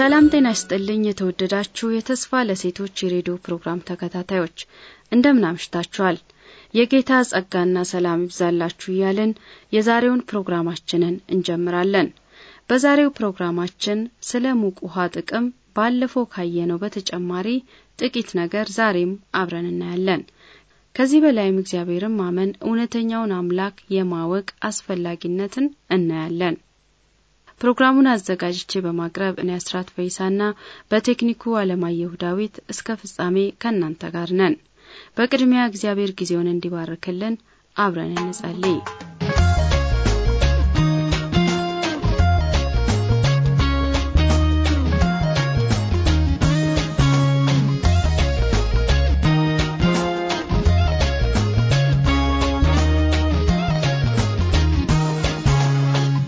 ሰላም ጤና ይስጥልኝ። የተወደዳችሁ የተስፋ ለሴቶች የሬዲዮ ፕሮግራም ተከታታዮች እንደምን አምሽታችኋል? የጌታ ጸጋና ሰላም ይብዛላችሁ እያልን የዛሬውን ፕሮግራማችንን እንጀምራለን። በዛሬው ፕሮግራማችን ስለ ሙቅ ውሃ ጥቅም ባለፈው ካየነው በተጨማሪ ጥቂት ነገር ዛሬም አብረን እናያለን። ከዚህ በላይም እግዚአብሔርን ማመን እውነተኛውን አምላክ የማወቅ አስፈላጊነትን እናያለን። ፕሮግራሙን አዘጋጅቼ በማቅረብ እኔ አስራት ፈይሳና በቴክኒኩ አለማየሁ ዳዊት እስከ ፍጻሜ ከእናንተ ጋር ነን። በቅድሚያ እግዚአብሔር ጊዜውን እንዲባርክልን አብረን እንጸልይ።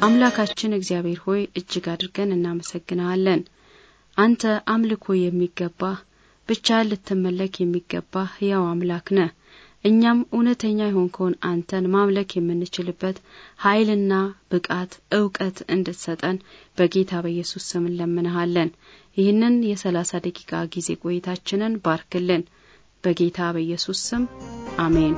አምላካችን እግዚአብሔር ሆይ እጅግ አድርገን እናመሰግናለን። አንተ አምልኮ የሚገባ ብቻ ልትመለክ የሚገባ ሕያው አምላክ ነህ። እኛም እውነተኛ የሆንከውን አንተን ማምለክ የምንችልበት ኃይልና ብቃት፣ እውቀት እንድትሰጠን በጌታ በኢየሱስ ስም እንለምንሃለን። ይህንን የሰላሳ ደቂቃ ጊዜ ቆይታችንን ባርክልን። በጌታ በኢየሱስ ስም አሜን።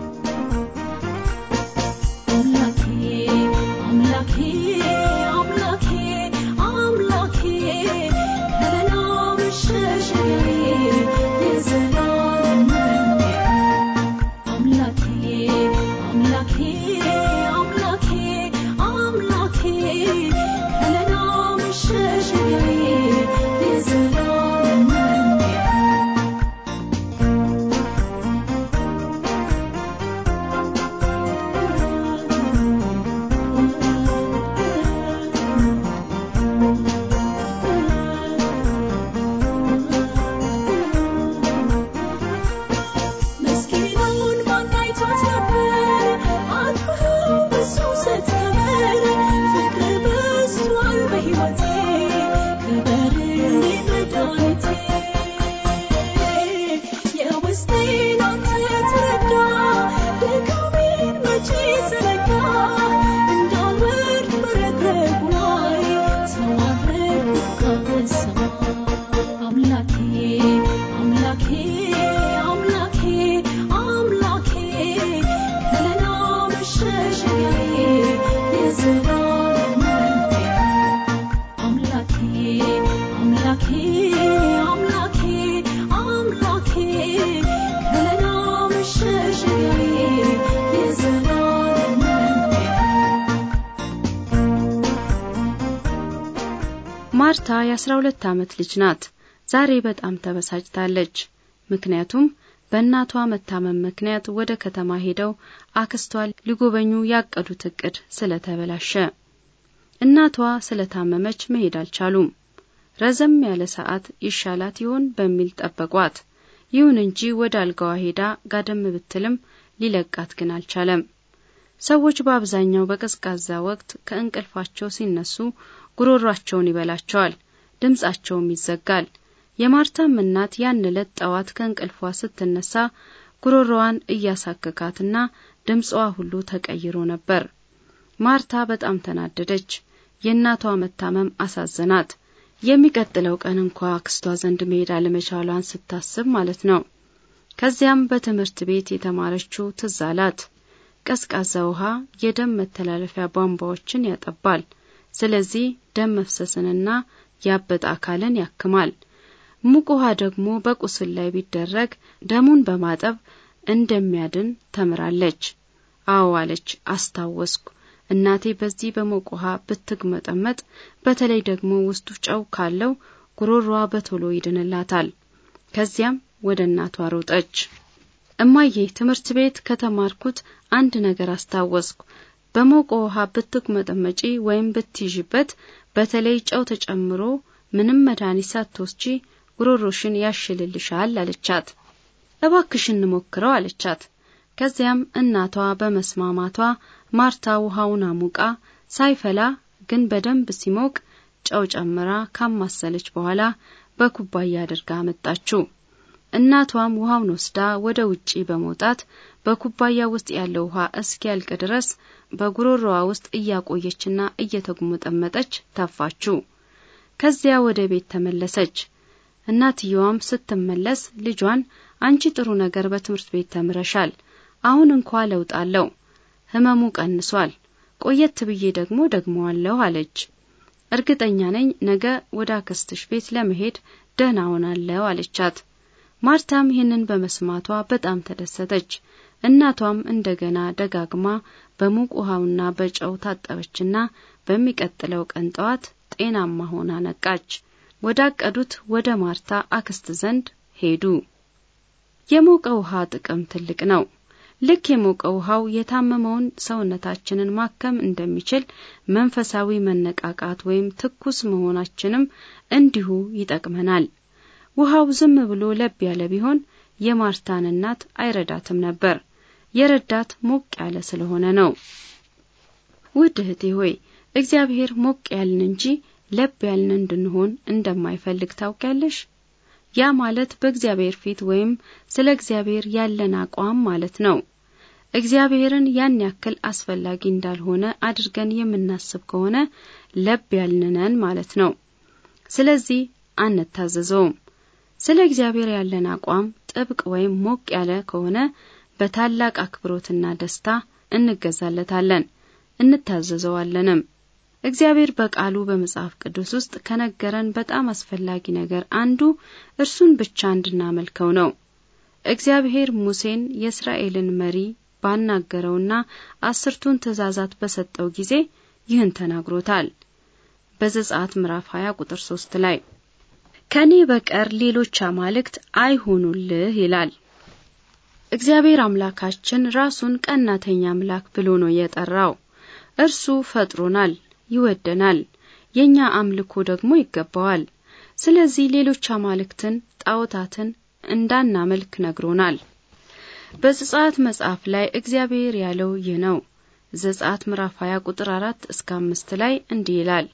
ማርታ የአስራ 12 ዓመት ልጅ ናት። ዛሬ በጣም ተበሳጭታለች። ምክንያቱም በእናቷ መታመም ምክንያት ወደ ከተማ ሄደው አክስቷ ሊጎበኙ ያቀዱት እቅድ ስለተበላሸ እናቷ ስለታመመች መሄድ አልቻሉም። ረዘም ያለ ሰዓት ይሻላት ይሆን በሚል ጠበቋት። ይሁን እንጂ ወደ አልጋዋ ሄዳ ጋደም ብትልም ሊለቃት ግን አልቻለም። ሰዎች በአብዛኛው በቀዝቃዛ ወቅት ከእንቅልፋቸው ሲነሱ ጉሮሯቸውን ይበላቸዋል፣ ድምጻቸውም ይዘጋል። የማርታም እናት ያን ዕለት ጠዋት ከእንቅልፏ ስትነሳ ጉሮሮዋን እያሳከካትና ድምፅዋ ሁሉ ተቀይሮ ነበር። ማርታ በጣም ተናደደች። የእናቷ መታመም አሳዘናት። የሚቀጥለው ቀን እንኳ አክስቷ ዘንድ መሄድ አለመቻሏን ስታስብ ማለት ነው። ከዚያም በትምህርት ቤት የተማረችው ትዝ አላት። ቀዝቃዛ ውሃ የደም መተላለፊያ ቧንቧዎችን ያጠባል። ስለዚህ ደም መፍሰስንና ያበጠ አካልን ያክማል። ሙቅ ውሃ ደግሞ በቁስል ላይ ቢደረግ ደሙን በማጠብ እንደሚያድን ተምራለች። አዎ አለች፣ አስታወስኩ። እናቴ በዚህ በሞቅ ውሃ ብትግመጠመጥ፣ በተለይ ደግሞ ውስጡ ጨው ካለው ጉሮሮዋ በቶሎ ይድንላታል። ከዚያም ወደ እናቷ ሮጠች። እማዬ፣ ትምህርት ቤት ከተማርኩት አንድ ነገር አስታወስኩ። በሞቀ ውሃ ብትቁመጠመጪ ወይም ብትይዥበት በተለይ ጨው ተጨምሮ ምንም መድኃኒት ሳትወስጂ ጉሮሮሽን ያሽልልሻል አለቻት። እባክሽ እንሞክረው አለቻት። ከዚያም እናቷ በመስማማቷ ማርታ ውሃውን አሙቃ ሳይፈላ ግን በደንብ ሲሞቅ ጨው ጨምራ ካማሰለች በኋላ በኩባያ አድርጋ አመጣችው። እናቷም ውሃውን ወስዳ ወደ ውጪ በመውጣት በኩባያ ውስጥ ያለው ውሃ እስኪያልቅ ድረስ በጉሮሮዋ ውስጥ እያቆየችና እየተጉመጠመጠች ተፋችው። ከዚያ ወደ ቤት ተመለሰች። እናትየዋም ስትመለስ ልጇን አንቺ ጥሩ ነገር በትምህርት ቤት ተምረሻል፣ አሁን እንኳ ለውጥ አለው፣ ህመሙ ቀንሷል፣ ቆየት ብዬ ደግሞ ደግመዋለሁ አለች። እርግጠኛ ነኝ ነገ ወደ አክስትሽ ቤት ለመሄድ ደህና ሆናለሁ አለቻት። ማርታም ይህንን በመስማቷ በጣም ተደሰተች። እናቷም እንደገና ደጋግማ በሙቅ ውሃውና በጨው ታጠበችና በሚቀጥለው ቀን ጠዋት ጤናማ ሆና ነቃች። ወዳቀዱት ወደ ማርታ አክስት ዘንድ ሄዱ። የሞቀ ውሃ ጥቅም ትልቅ ነው። ልክ የሞቀ ውሃው የታመመውን ሰውነታችንን ማከም እንደሚችል መንፈሳዊ መነቃቃት ወይም ትኩስ መሆናችንም እንዲሁ ይጠቅመናል። ውሃው ዝም ብሎ ለብ ያለ ቢሆን የማርታን እናት አይረዳትም ነበር። የረዳት ሞቅ ያለ ስለሆነ ነው። ውድ እህቴ ሆይ እግዚአብሔር ሞቅ ያልን እንጂ ለብ ያልን እንድንሆን እንደማይፈልግ ታውቂያለሽ። ያ ማለት በእግዚአብሔር ፊት ወይም ስለ እግዚአብሔር ያለን አቋም ማለት ነው። እግዚአብሔርን ያን ያክል አስፈላጊ እንዳልሆነ አድርገን የምናስብ ከሆነ ለብ ያልንነን ማለት ነው። ስለዚህ አንታዘዘውም። ስለ እግዚአብሔር ያለን አቋም ጥብቅ ወይም ሞቅ ያለ ከሆነ በታላቅ አክብሮትና ደስታ እንገዛለታለን፣ እንታዘዘዋለንም። እግዚአብሔር በቃሉ በመጽሐፍ ቅዱስ ውስጥ ከነገረን በጣም አስፈላጊ ነገር አንዱ እርሱን ብቻ እንድናመልከው ነው። እግዚአብሔር ሙሴን የእስራኤልን መሪ ባናገረውና አስርቱን ትእዛዛት በሰጠው ጊዜ ይህን ተናግሮታል። በዘጸአት ምዕራፍ 20 ቁጥር 3 ላይ ከኔ በቀር ሌሎች አማልክት አይሆኑልህ ይላል። እግዚአብሔር አምላካችን ራሱን ቀናተኛ አምላክ ብሎ ነው የጠራው። እርሱ ፈጥሮናል፣ ይወደናል፣ የኛ አምልኮ ደግሞ ይገባዋል። ስለዚህ ሌሎች አማልክትን፣ ጣዖታትን እንዳናመልክ ነግሮናል። በዘጸአት መጽሐፍ ላይ እግዚአብሔር ያለው ይህ ነው። ዘጸአት ምዕራፍ 20 ቁጥር 4 እስከ 5 ላይ እንዲህ ይላል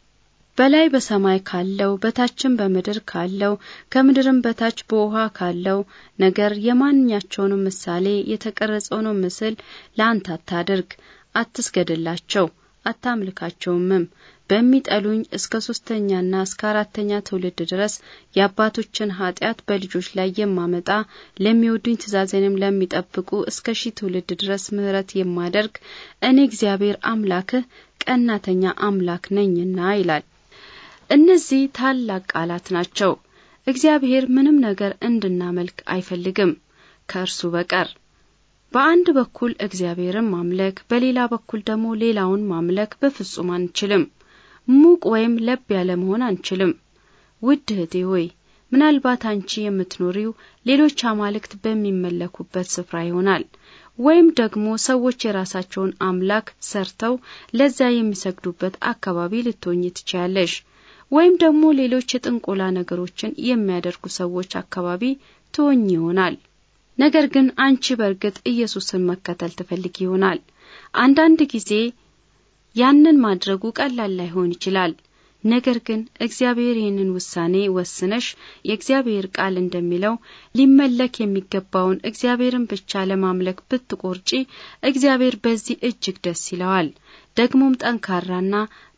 በላይ በሰማይ ካለው በታችም በምድር ካለው ከምድርም በታች በውሃ ካለው ነገር የማንኛቸውንም ምሳሌ የተቀረጸውንም ምስል ለአንተ አታድርግ። አትስገድላቸው፣ አታምልካቸውምም። በሚጠሉኝ እስከ ሶስተኛና እስከ አራተኛ ትውልድ ድረስ የአባቶችን ኃጢአት በልጆች ላይ የማመጣ ለሚወዱኝ ትእዛዜንም ለሚጠብቁ እስከ ሺህ ትውልድ ድረስ ምሕረት የማደርግ እኔ እግዚአብሔር አምላክህ ቀናተኛ አምላክ ነኝና ይላል። እነዚህ ታላቅ ቃላት ናቸው። እግዚአብሔር ምንም ነገር እንድናመልክ አይፈልግም ከእርሱ በቀር። በአንድ በኩል እግዚአብሔርን ማምለክ፣ በሌላ በኩል ደግሞ ሌላውን ማምለክ በፍጹም አንችልም። ሙቅ ወይም ለብ ያለ መሆን አንችልም። ውድ እህቴ ሆይ ምናልባት አንቺ የምትኖሪው ሌሎች አማልክት በሚመለኩበት ስፍራ ይሆናል ወይም ደግሞ ሰዎች የራሳቸውን አምላክ ሰርተው ለዛ የሚሰግዱበት አካባቢ ልትሆኝ ትችያለሽ። ወይም ደግሞ ሌሎች የጥንቆላ ነገሮችን የሚያደርጉ ሰዎች አካባቢ ትሆኝ ይሆናል። ነገር ግን አንቺ በእርግጥ ኢየሱስን መከተል ትፈልግ ይሆናል። አንዳንድ ጊዜ ያንን ማድረጉ ቀላል ላይሆን ይችላል። ነገር ግን እግዚአብሔር ይህንን ውሳኔ ወስነሽ የእግዚአብሔር ቃል እንደሚለው ሊመለክ የሚገባውን እግዚአብሔርን ብቻ ለማምለክ ብትቆርጪ እግዚአብሔር በዚህ እጅግ ደስ ይለዋል። ደግሞም ጠንካራና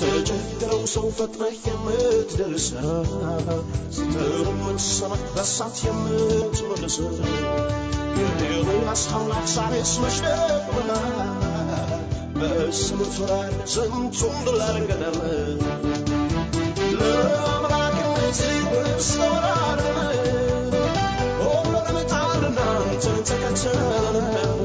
ተጨንቀው ሰው ፈጥረህ የምትደርሰው ስትርም ወድሰማ በሳት የምትመልሰው የኤልያስ አምላክ ዛሬስ በስም ፍራን ስንቱን ድል ለአምላክነት ብስተወራለን ሁሉንም አንተን ተከተልን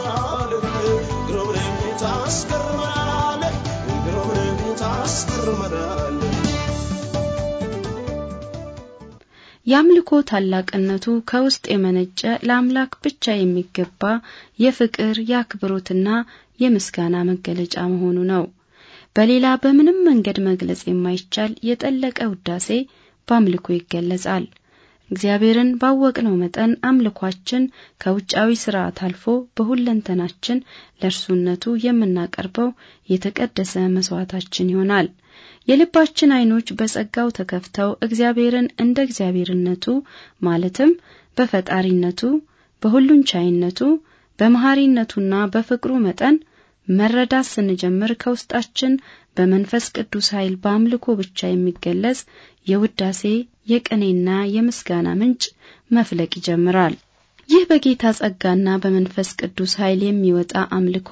ያስገርመናል። የአምልኮ ታላቅነቱ ከውስጥ የመነጨ ለአምላክ ብቻ የሚገባ የፍቅር የአክብሮትና የምስጋና መገለጫ መሆኑ ነው። በሌላ በምንም መንገድ መግለጽ የማይቻል የጠለቀ ውዳሴ በአምልኮ ይገለጻል። እግዚአብሔርን ባወቅነው መጠን አምልኳችን ከውጫዊ ስርዓት አልፎ በሁለንተናችን ለእርሱነቱ የምናቀርበው የተቀደሰ መስዋዕታችን ይሆናል። የልባችን አይኖች በጸጋው ተከፍተው እግዚአብሔርን እንደ እግዚአብሔርነቱ ማለትም በፈጣሪነቱ፣ በሁሉን ቻይነቱ፣ በመሐሪነቱና በፍቅሩ መጠን መረዳት ስንጀምር ከውስጣችን በመንፈስ ቅዱስ ኃይል በአምልኮ ብቻ የሚገለጽ የውዳሴ የቅኔና የምስጋና ምንጭ መፍለቅ ይጀምራል። ይህ በጌታ ጸጋና በመንፈስ ቅዱስ ኃይል የሚወጣ አምልኮ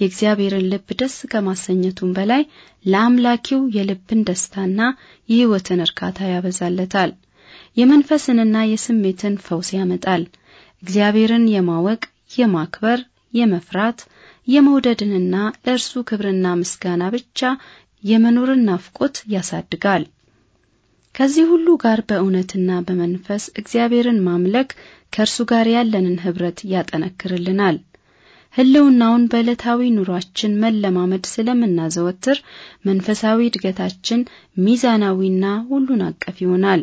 የእግዚአብሔርን ልብ ደስ ከማሰኘቱም በላይ ለአምላኪው የልብን ደስታና የሕይወትን እርካታ ያበዛለታል። የመንፈስንና የስሜትን ፈውስ ያመጣል። እግዚአብሔርን የማወቅ የማክበር፣ የመፍራት፣ የመውደድንና ለእርሱ ክብርና ምስጋና ብቻ የመኖርን ናፍቆት ያሳድጋል። ከዚህ ሁሉ ጋር በእውነትና በመንፈስ እግዚአብሔርን ማምለክ ከእርሱ ጋር ያለንን ኅብረት ያጠነክርልናል። ሕልውናውን በዕለታዊ ኑሯችን መለማመድ ስለምናዘወትር መንፈሳዊ እድገታችን ሚዛናዊና ሁሉን አቀፍ ይሆናል።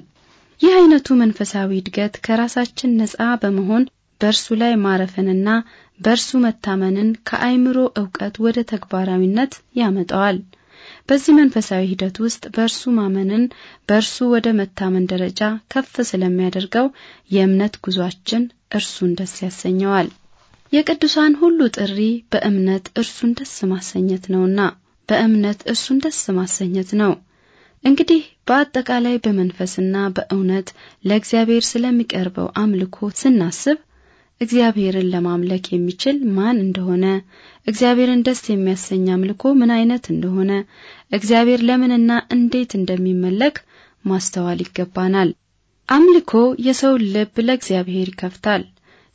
ይህ አይነቱ መንፈሳዊ እድገት ከራሳችን ነጻ በመሆን በእርሱ ላይ ማረፍንና በእርሱ መታመንን ከአይምሮ እውቀት ወደ ተግባራዊነት ያመጣዋል። በዚህ መንፈሳዊ ሂደት ውስጥ በእርሱ ማመንን በእርሱ ወደ መታመን ደረጃ ከፍ ስለሚያደርገው የእምነት ጉዟችን እርሱን ደስ ያሰኘዋል። የቅዱሳን ሁሉ ጥሪ በእምነት እርሱን ደስ ማሰኘት ነውና በእምነት እርሱን ደስ ማሰኘት ነው። እንግዲህ በአጠቃላይ በመንፈስና በእውነት ለእግዚአብሔር ስለሚቀርበው አምልኮ ስናስብ እግዚአብሔርን ለማምለክ የሚችል ማን እንደሆነ፣ እግዚአብሔርን ደስ የሚያሰኝ አምልኮ ምን አይነት እንደሆነ፣ እግዚአብሔር ለምንና እንዴት እንደሚመለክ ማስተዋል ይገባናል። አምልኮ የሰውን ልብ ለእግዚአብሔር ይከፍታል፣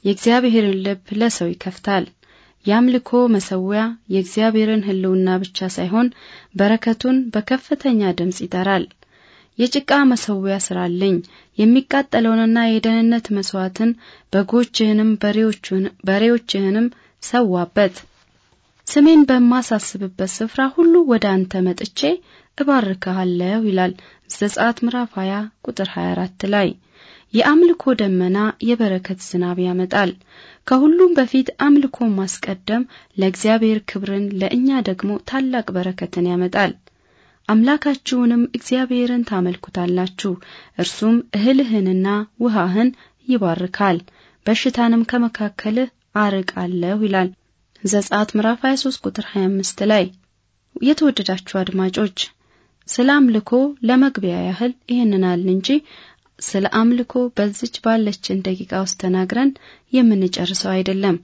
የእግዚአብሔርን ልብ ለሰው ይከፍታል። የአምልኮ መሰዊያ የእግዚአብሔርን ሕልውና ብቻ ሳይሆን በረከቱን በከፍተኛ ድምፅ ይጠራል። የጭቃ መሰዊያ ስራልኝ የሚቃጠለውንና የደህንነት መስዋዕትን በጎችህንም በሬዎችህንም ሰዋበት። ስሜን በማሳስብበት ስፍራ ሁሉ ወደ አንተ መጥቼ እባርክሃለሁ ይላል ዘጸአት ምዕራፍ 20 ቁጥር 24 ላይ። የአምልኮ ደመና የበረከት ዝናብ ያመጣል። ከሁሉም በፊት አምልኮ ማስቀደም ለእግዚአብሔር ክብርን፣ ለእኛ ደግሞ ታላቅ በረከትን ያመጣል። አምላካችሁንም እግዚአብሔርን ታመልኩታላችሁ። እርሱም እህልህንና ውሃህን ይባርካል፣ በሽታንም ከመካከልህ አርቃለሁ ይላል። ዘጸአት ምዕራፍ 23 ቁጥር 25 ላይ። የተወደዳችሁ አድማጮች ስለ አምልኮ ለመግቢያ ያህል ይህንን አልን እንጂ ስለ አምልኮ በዚች ባለችን ደቂቃ ውስጥ ተናግረን የምንጨርሰው አይደለም።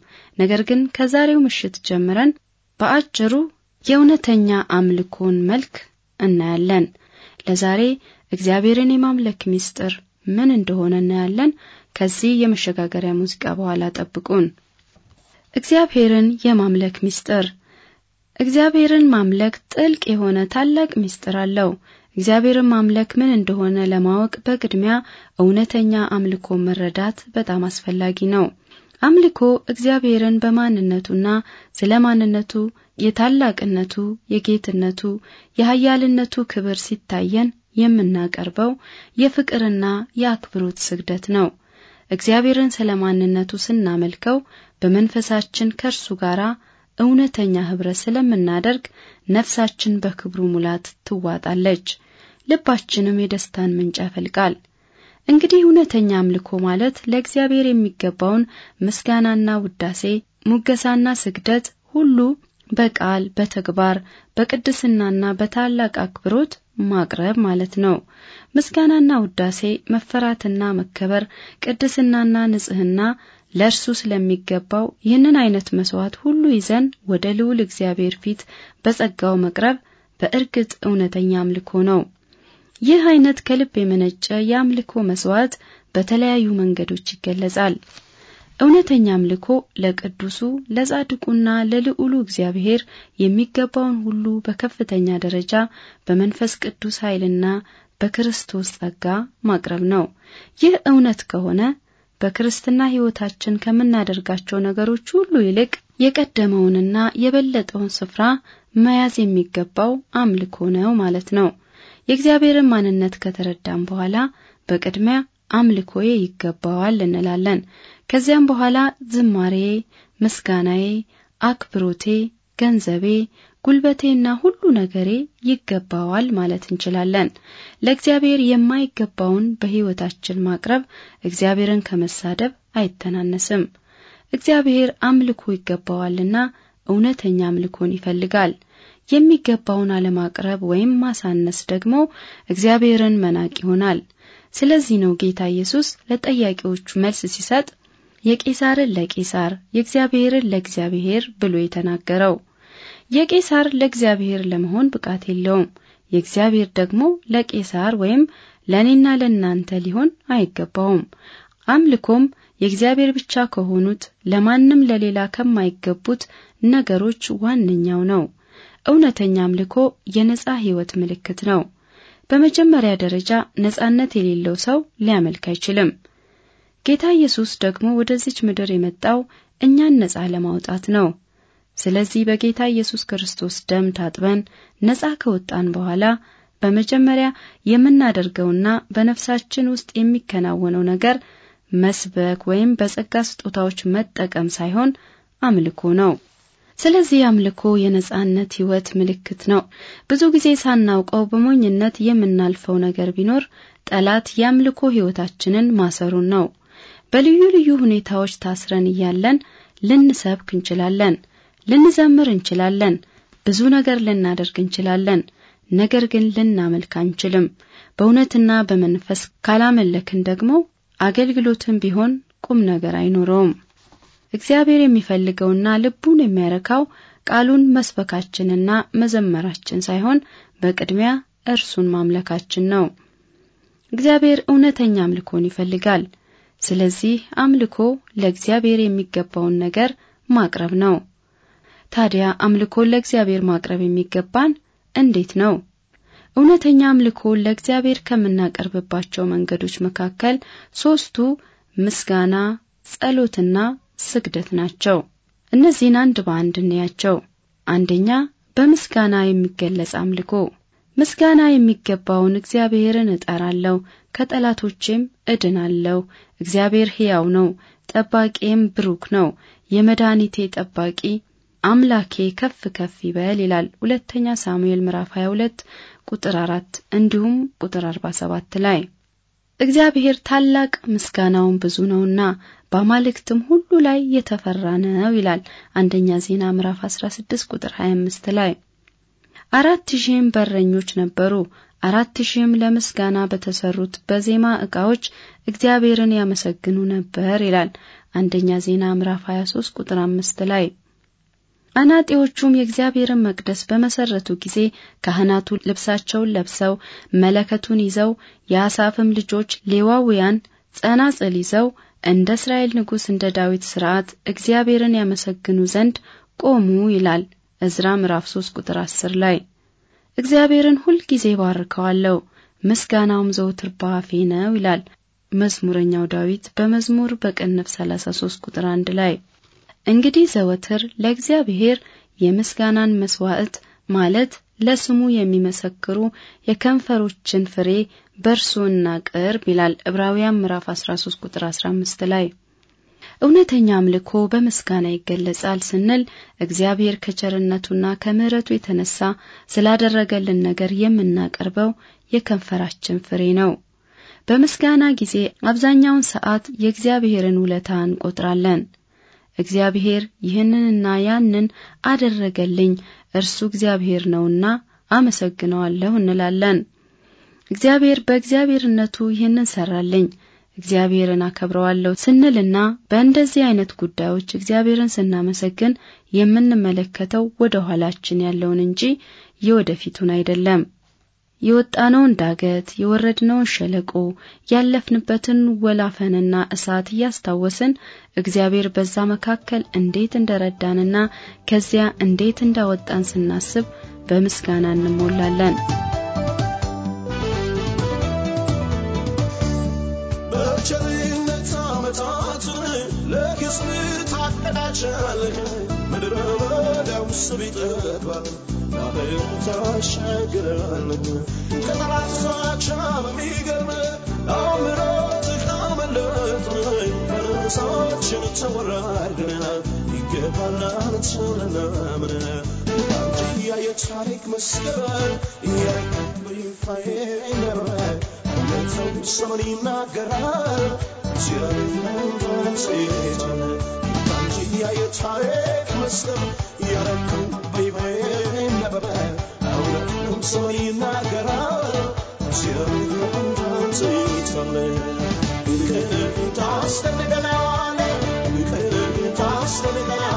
ነገር ግን ከዛሬው ምሽት ጀምረን በአጭሩ የእውነተኛ አምልኮን መልክ እናያለን። ለዛሬ እግዚአብሔርን የማምለክ ምስጢር ምን እንደሆነ እናያለን። ከዚህ የመሸጋገሪያ ሙዚቃ በኋላ ጠብቁን። እግዚአብሔርን የማምለክ ምስጢር እግዚአብሔርን ማምለክ ጥልቅ የሆነ ታላቅ ምስጢር አለው። እግዚአብሔርን ማምለክ ምን እንደሆነ ለማወቅ በቅድሚያ እውነተኛ አምልኮ መረዳት በጣም አስፈላጊ ነው። አምልኮ እግዚአብሔርን በማንነቱና ስለ ማንነቱ የታላቅነቱ፣ የጌትነቱ፣ የኃያልነቱ ክብር ሲታየን የምናቀርበው የፍቅርና የአክብሮት ስግደት ነው። እግዚአብሔርን ስለ ማንነቱ ስናመልከው በመንፈሳችን ከእርሱ ጋር እውነተኛ ኅብረት ስለምናደርግ ነፍሳችን በክብሩ ሙላት ትዋጣለች፣ ልባችንም የደስታን ምንጭ ያፈልቃል። እንግዲህ እውነተኛ አምልኮ ማለት ለእግዚአብሔር የሚገባውን ምስጋናና ውዳሴ፣ ሙገሳና ስግደት ሁሉ በቃል በተግባር በቅድስናና በታላቅ አክብሮት ማቅረብ ማለት ነው። ምስጋናና ውዳሴ፣ መፈራትና መከበር፣ ቅድስናና ንጽህና ለእርሱ ስለሚገባው ይህንን አይነት መስዋዕት ሁሉ ይዘን ወደ ልዑል እግዚአብሔር ፊት በጸጋው መቅረብ በእርግጥ እውነተኛ አምልኮ ነው። ይህ አይነት ከልብ የመነጨ የአምልኮ መስዋዕት በተለያዩ መንገዶች ይገለጻል። እውነተኛ አምልኮ ለቅዱሱ ለጻድቁና ለልዑሉ እግዚአብሔር የሚገባውን ሁሉ በከፍተኛ ደረጃ በመንፈስ ቅዱስ ኃይልና በክርስቶስ ጸጋ ማቅረብ ነው። ይህ እውነት ከሆነ በክርስትና ሕይወታችን ከምናደርጋቸው ነገሮች ሁሉ ይልቅ የቀደመውንና የበለጠውን ስፍራ መያዝ የሚገባው አምልኮ ነው ማለት ነው። የእግዚአብሔርን ማንነት ከተረዳም በኋላ በቅድሚያ አምልኮዬ ይገባዋል እንላለን። ከዚያም በኋላ ዝማሬ፣ ምስጋናዬ፣ አክብሮቴ፣ ገንዘቤ፣ ጉልበቴና ሁሉ ነገሬ ይገባዋል ማለት እንችላለን። ለእግዚአብሔር የማይገባውን በሕይወታችን ማቅረብ እግዚአብሔርን ከመሳደብ አይተናነስም። እግዚአብሔር አምልኮ ይገባዋልና እውነተኛ አምልኮን ይፈልጋል። የሚገባውን አለማቅረብ ወይም ማሳነስ ደግሞ እግዚአብሔርን መናቅ ይሆናል። ስለዚህ ነው ጌታ ኢየሱስ ለጠያቂዎቹ መልስ ሲሰጥ የቄሳርን ለቄሳር የእግዚአብሔርን ለእግዚአብሔር ብሎ የተናገረው። የቄሳር ለእግዚአብሔር ለመሆን ብቃት የለውም። የእግዚአብሔር ደግሞ ለቄሳር ወይም ለእኔና ለእናንተ ሊሆን አይገባውም። አምልኮም የእግዚአብሔር ብቻ ከሆኑት ለማንም ለሌላ ከማይገቡት ነገሮች ዋነኛው ነው። እውነተኛ አምልኮ የነጻ ህይወት ምልክት ነው። በመጀመሪያ ደረጃ ነጻነት የሌለው ሰው ሊያመልክ አይችልም። ጌታ ኢየሱስ ደግሞ ወደዚች ምድር የመጣው እኛን ነጻ ለማውጣት ነው። ስለዚህ በጌታ ኢየሱስ ክርስቶስ ደም ታጥበን ነጻ ከወጣን በኋላ በመጀመሪያ የምናደርገውና በነፍሳችን ውስጥ የሚከናወነው ነገር መስበክ ወይም በጸጋ ስጦታዎች መጠቀም ሳይሆን አምልኮ ነው። ስለዚህ አምልኮ የነጻነት ህይወት ምልክት ነው። ብዙ ጊዜ ሳናውቀው በሞኝነት የምናልፈው ነገር ቢኖር ጠላት የአምልኮ ህይወታችንን ማሰሩን ነው። በልዩ ልዩ ሁኔታዎች ታስረን እያለን ልንሰብክ እንችላለን፣ ልንዘምር እንችላለን፣ ብዙ ነገር ልናደርግ እንችላለን። ነገር ግን ልናመልክ አንችልም። በእውነትና በመንፈስ ካላመለክን ደግሞ አገልግሎትም ቢሆን ቁም ነገር አይኖረውም። እግዚአብሔር የሚፈልገውና ልቡን የሚያረካው ቃሉን መስበካችንና መዘመራችን ሳይሆን በቅድሚያ እርሱን ማምለካችን ነው። እግዚአብሔር እውነተኛ አምልኮን ይፈልጋል። ስለዚህ አምልኮ ለእግዚአብሔር የሚገባውን ነገር ማቅረብ ነው። ታዲያ አምልኮ ለእግዚአብሔር ማቅረብ የሚገባን እንዴት ነው? እውነተኛ አምልኮ ለእግዚአብሔር ከምናቀርብባቸው መንገዶች መካከል ሦስቱ ምስጋና፣ ጸሎትና ስግደት ናቸው። እነዚህን አንድ በአንድ እንያቸው። አንደኛ በምስጋና የሚገለጽ አምልኮ። ምስጋና የሚገባውን እግዚአብሔርን እጠራለሁ፣ ከጠላቶቼም እድናለሁ። እግዚአብሔር ሕያው ነው፣ ጠባቂም ብሩክ ነው፣ የመድኃኒቴ ጠባቂ አምላኬ ከፍ ከፍ ይበል ይላል። ሁለተኛ ሳሙኤል ምዕራፍ 22 ቁጥር 4 እንዲሁም ቁጥር 47 ላይ እግዚአብሔር ታላቅ ምስጋናውን ብዙ ነውና በአማልክትም ሁሉ ላይ የተፈራ ነው ይላል አንደኛ ዜና ምዕራፍ 16 ቁጥር 25 ላይ አራት ሺህም በረኞች ነበሩ አራት ሺህም ለምስጋና በተሰሩት በዜማ ዕቃዎች እግዚአብሔርን ያመሰግኑ ነበር ይላል አንደኛ ዜና ምዕራፍ 23 ቁጥር 5 ላይ አናጢዎቹም የእግዚአብሔርን መቅደስ በመሰረቱ ጊዜ ካህናቱ ልብሳቸውን ለብሰው መለከቱን ይዘው የአሳፍም ልጆች ሌዋውያን ጸናጽል ይዘው እንደ እስራኤል ንጉሥ እንደ ዳዊት ሥርዓት እግዚአብሔርን ያመሰግኑ ዘንድ ቆሙ ይላል እዝራ ምዕራፍ 3 ቁጥር 10 ላይ። እግዚአብሔርን ሁል ጊዜ ባርከዋለሁ፣ ምስጋናውም ዘውትር በአፌ ነው ይላል መዝሙረኛው ዳዊት በመዝሙር በቅንፍ 33 ቁጥር 1 ላይ። እንግዲህ ዘወትር ለእግዚአብሔር የምስጋናን መስዋዕት ማለት ለስሙ የሚመሰክሩ የከንፈሮችን ፍሬ በእርሱ እናቅርብ ይላል ዕብራውያን ምዕራፍ 13 ቁጥር 15 ላይ። እውነተኛ አምልኮ በምስጋና ይገለጻል ስንል እግዚአብሔር ከቸርነቱና ከምሕረቱ የተነሳ ስላደረገልን ነገር የምናቀርበው የከንፈራችን ፍሬ ነው። በምስጋና ጊዜ አብዛኛውን ሰዓት የእግዚአብሔርን ውለታ እንቆጥራለን። እግዚአብሔር ይህንንና ያንን አደረገልኝ እርሱ እግዚአብሔር ነውና አመሰግነዋለሁ እንላለን። እግዚአብሔር በእግዚአብሔርነቱ ይህንን ሰራልኝ፣ እግዚአብሔርን አከብረዋለሁ ስንልና በእንደዚህ አይነት ጉዳዮች እግዚአብሔርን ስናመሰግን የምንመለከተው ወደ ኋላችን ያለውን እንጂ የወደፊቱን አይደለም። የወጣነውን ዳገት የወረድነውን ሸለቆ ያለፍንበትን ወላፈንና እሳት እያስታወስን እግዚአብሔር በዛ መካከል እንዴት እንደረዳንና ከዚያ እንዴት እንዳወጣን ስናስብ በምስጋና እንሞላለን። በቸርነት ዓመታትን ለክስም ታቀዳቻለህ ምድረ በዳው ስብ ይጠግባል ላበይም ታሻግረን ከጠላት ፍራቻ በሚገርም አምሮትህ አመለጥን በርዕሳችን ይገባናል ስለናምን አንቺያ የታሪክ መስቀል ያይቀብ ይፋዬ ነበር ይናገራል እግዚአብሔር መንፈስ يا يتحرك مسلم يا ركو بيبين نبما أولك نمصني ناقرا تيرد أنت تيتمي بكرك تعصتك دلعاني بكرك تعصتك دلعاني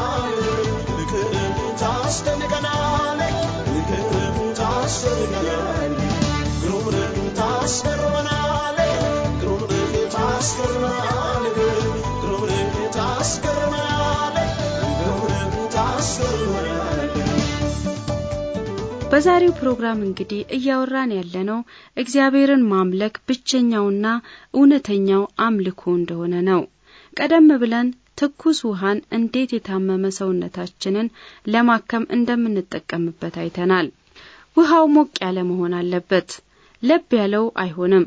በዛሬው ፕሮግራም እንግዲህ እያወራን ያለነው እግዚአብሔርን ማምለክ ብቸኛውና እውነተኛው አምልኮ እንደሆነ ነው። ቀደም ብለን ትኩስ ውሃን እንዴት የታመመ ሰውነታችንን ለማከም እንደምንጠቀምበት አይተናል። ውሃው ሞቅ ያለ መሆን አለበት፣ ለብ ያለው አይሆንም።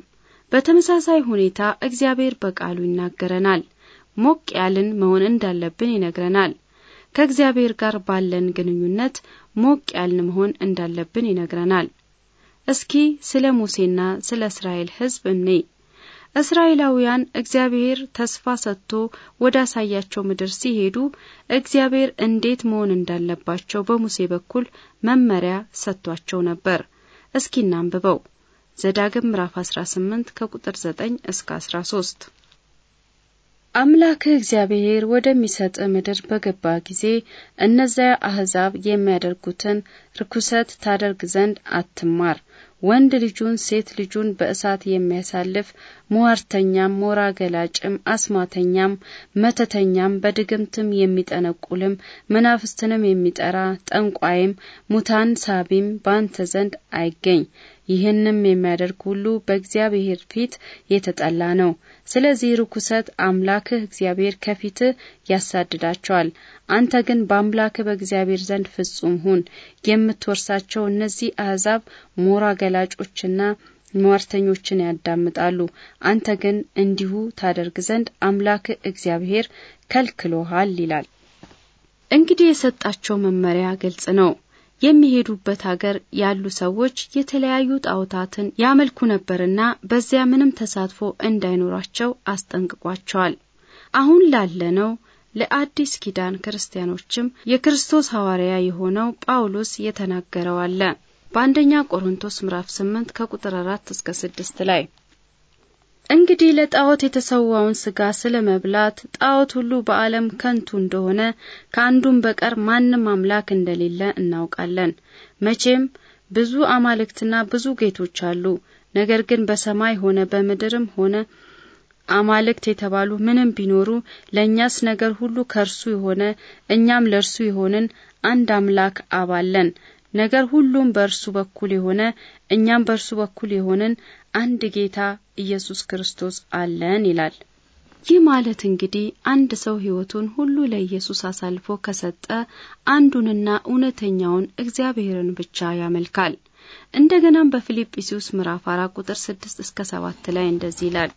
በተመሳሳይ ሁኔታ እግዚአብሔር በቃሉ ይናገረናል። ሞቅ ያልን መሆን እንዳለብን ይነግረናል። ከእግዚአብሔር ጋር ባለን ግንኙነት ሞቅ ያልን መሆን እንዳለብን ይነግረናል። እስኪ ስለ ሙሴና ስለ እስራኤል ሕዝብ እኔ እስራኤላውያን እግዚአብሔር ተስፋ ሰጥቶ ወዳሳያቸው ምድር ሲሄዱ እግዚአብሔር እንዴት መሆን እንዳለባቸው በሙሴ በኩል መመሪያ ሰጥቷቸው ነበር። እስኪ እናንብበው። ዘዳግም ምዕራፍ 18 ከቁጥር 9 እስከ 13 አምላክህ እግዚአብሔር ወደሚሰጥ ምድር በገባ ጊዜ እነዚያ አሕዛብ የሚያደርጉትን ርኩሰት ታደርግ ዘንድ አትማር። ወንድ ልጁን ሴት ልጁን በእሳት የሚያሳልፍ ሟርተኛም፣ ሞራ ገላጭም፣ አስማተኛም፣ መተተኛም፣ በድግምትም የሚጠነቁልም፣ መናፍስትንም የሚጠራ ጠንቋይም፣ ሙታን ሳቢም ባንተ ዘንድ አይገኝ። ይህንም የሚያደርግ ሁሉ በእግዚአብሔር ፊት የተጠላ ነው። ስለዚህ ርኩሰት አምላክህ እግዚአብሔር ከፊትህ ያሳድዳቸዋል። አንተ ግን በአምላክህ በእግዚአብሔር ዘንድ ፍጹም ሁን። የምትወርሳቸው እነዚህ አሕዛብ ሞራ ገላጮችና ሟርተኞችን ያዳምጣሉ። አንተ ግን እንዲሁ ታደርግ ዘንድ አምላክህ እግዚአብሔር ከልክሎሃል ይላል። እንግዲህ የሰጣቸው መመሪያ ግልጽ ነው። የሚሄዱበት አገር ያሉ ሰዎች የተለያዩ ጣዖታትን ያመልኩ ነበርና በዚያ ምንም ተሳትፎ እንዳይኖራቸው አስጠንቅቋቸዋል። አሁን ላለነው ለአዲስ ኪዳን ክርስቲያኖችም የክርስቶስ ሐዋርያ የሆነው ጳውሎስ የተናገረው አለ በአንደኛ ቆሮንቶስ ምዕራፍ 8 ከቁጥር 4 እስከ 6 ላይ እንግዲህ ለጣዖት የተሰዋውን ሥጋ ስለ መብላት ጣዖት ሁሉ በዓለም ከንቱ እንደሆነ ከአንዱም በቀር ማንም አምላክ እንደሌለ እናውቃለን። መቼም ብዙ አማልክትና ብዙ ጌቶች አሉ። ነገር ግን በሰማይ ሆነ በምድርም ሆነ አማልክት የተባሉ ምንም ቢኖሩ ለእኛስ ነገር ሁሉ ከእርሱ የሆነ እኛም ለእርሱ የሆንን አንድ አምላክ አባለን ነገር ሁሉም በእርሱ በኩል የሆነ እኛም በእርሱ በኩል የሆንን አንድ ጌታ ኢየሱስ ክርስቶስ አለን ይላል። ይህ ማለት እንግዲህ አንድ ሰው ሕይወቱን ሁሉ ለኢየሱስ አሳልፎ ከሰጠ አንዱንና እውነተኛውን እግዚአብሔርን ብቻ ያመልካል። እንደገናም በፊልጵስዩስ ምዕራፍ አራት ቁጥር ስድስት እስከ ሰባት ላይ እንደዚህ ይላል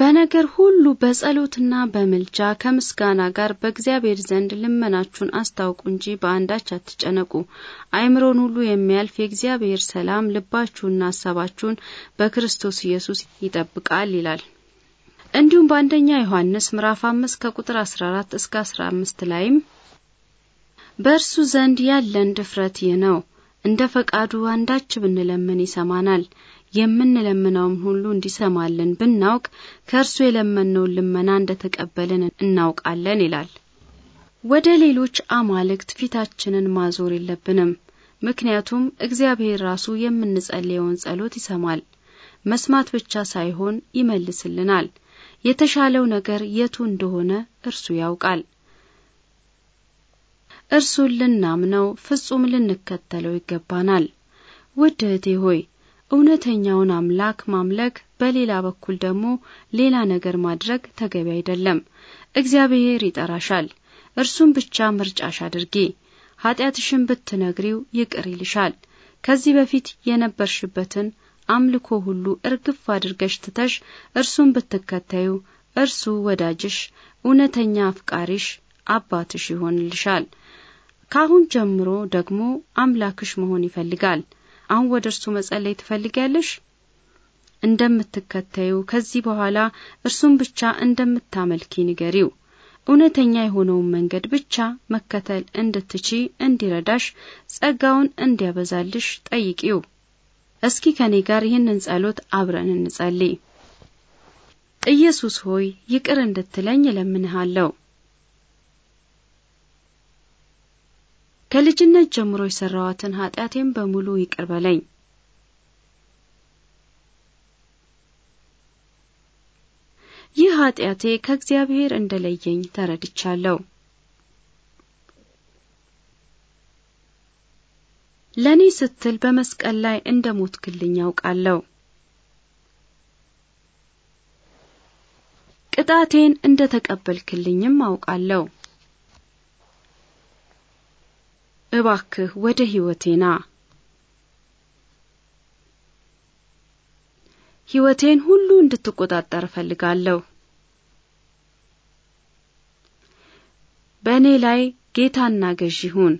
በነገር ሁሉ በጸሎትና በምልጃ ከምስጋና ጋር በእግዚአብሔር ዘንድ ልመናችሁን አስታውቁ እንጂ በአንዳች አትጨነቁ። አይምሮን ሁሉ የሚያልፍ የእግዚአብሔር ሰላም ልባችሁና ሀሳባችሁን በክርስቶስ ኢየሱስ ይጠብቃል ይላል። እንዲሁም በአንደኛ ዮሐንስ ምዕራፍ አምስት ከቁጥር አስራ አራት እስከ አስራ አምስት ላይም በእርሱ ዘንድ ያለን ድፍረት ይህ ነው፣ እንደ ፈቃዱ አንዳች ብንለምን ይሰማናል የምንለምነውም ሁሉ እንዲሰማልን ብናውቅ ከእርሱ የለመነውን ልመና እንደ ተቀበልን እናውቃለን ይላል። ወደ ሌሎች አማልክት ፊታችንን ማዞር የለብንም። ምክንያቱም እግዚአብሔር ራሱ የምንጸልየውን ጸሎት ይሰማል። መስማት ብቻ ሳይሆን ይመልስልናል። የተሻለው ነገር የቱ እንደሆነ እርሱ ያውቃል። እርሱን ልናምነው ፍጹም ልንከተለው ይገባናል። ውድ እህቴ ሆይ እውነተኛውን አምላክ ማምለክ በሌላ በኩል ደግሞ ሌላ ነገር ማድረግ ተገቢ አይደለም። እግዚአብሔር ይጠራሻል፣ እርሱም ብቻ ምርጫሽ አድርጊ። ኃጢአትሽን ብትነግሪው ይቅር ይልሻል። ከዚህ በፊት የነበርሽበትን አምልኮ ሁሉ እርግፍ አድርገሽ ትተሽ እርሱን ብትከተዩ እርሱ ወዳጅሽ፣ እውነተኛ አፍቃሪሽ፣ አባትሽ ይሆንልሻል። ካሁን ጀምሮ ደግሞ አምላክሽ መሆን ይፈልጋል። አሁን ወደ እርሱ መጸለይ ትፈልጊያለሽ? እንደምትከተዩ ከዚህ በኋላ እርሱን ብቻ እንደምታመልኪ ንገሪው። እውነተኛ የሆነውን መንገድ ብቻ መከተል እንድትቺ እንዲረዳሽ ጸጋውን እንዲያበዛልሽ ጠይቂው። እስኪ ከኔ ጋር ይህንን ጸሎት አብረን እንጸልይ። ኢየሱስ ሆይ ይቅር እንድትለኝ እለምንሃለሁ። ከልጅነት ጀምሮ የሰራዋትን ኃጢአቴን በሙሉ ይቅር በለኝ። ይህ ኃጢአቴ ከእግዚአብሔር እንደለየኝ ተረድቻለሁ። ለእኔ ስትል በመስቀል ላይ እንደ ሞት ክልኝ ያውቃለሁ። ቅጣቴን እንደ ተቀበልክልኝም አውቃለሁ። እባክህ ወደ ና። ሕይወቴን ሁሉ እንድትቆጣጠር እፈልጋለሁ። በእኔ ላይ ጌታና ገዢ ሁን።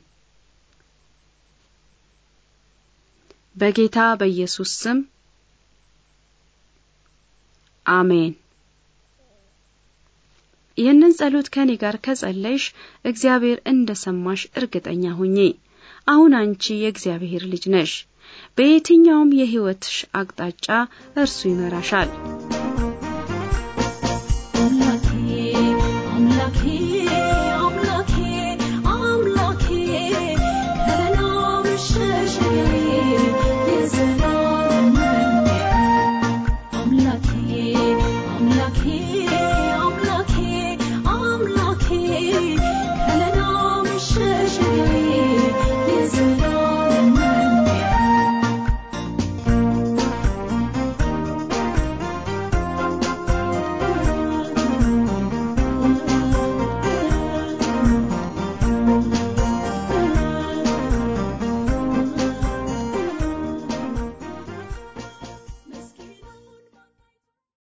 በጌታ በኢየሱስ ስም አሜን። ይህንን ጸሎት ከኔ ጋር ከጸለይሽ እግዚአብሔር እንደ ሰማሽ እርግጠኛ ሁኚ። አሁን አንቺ የእግዚአብሔር ልጅ ነሽ። በየትኛውም የሕይወትሽ አቅጣጫ እርሱ ይመራሻል።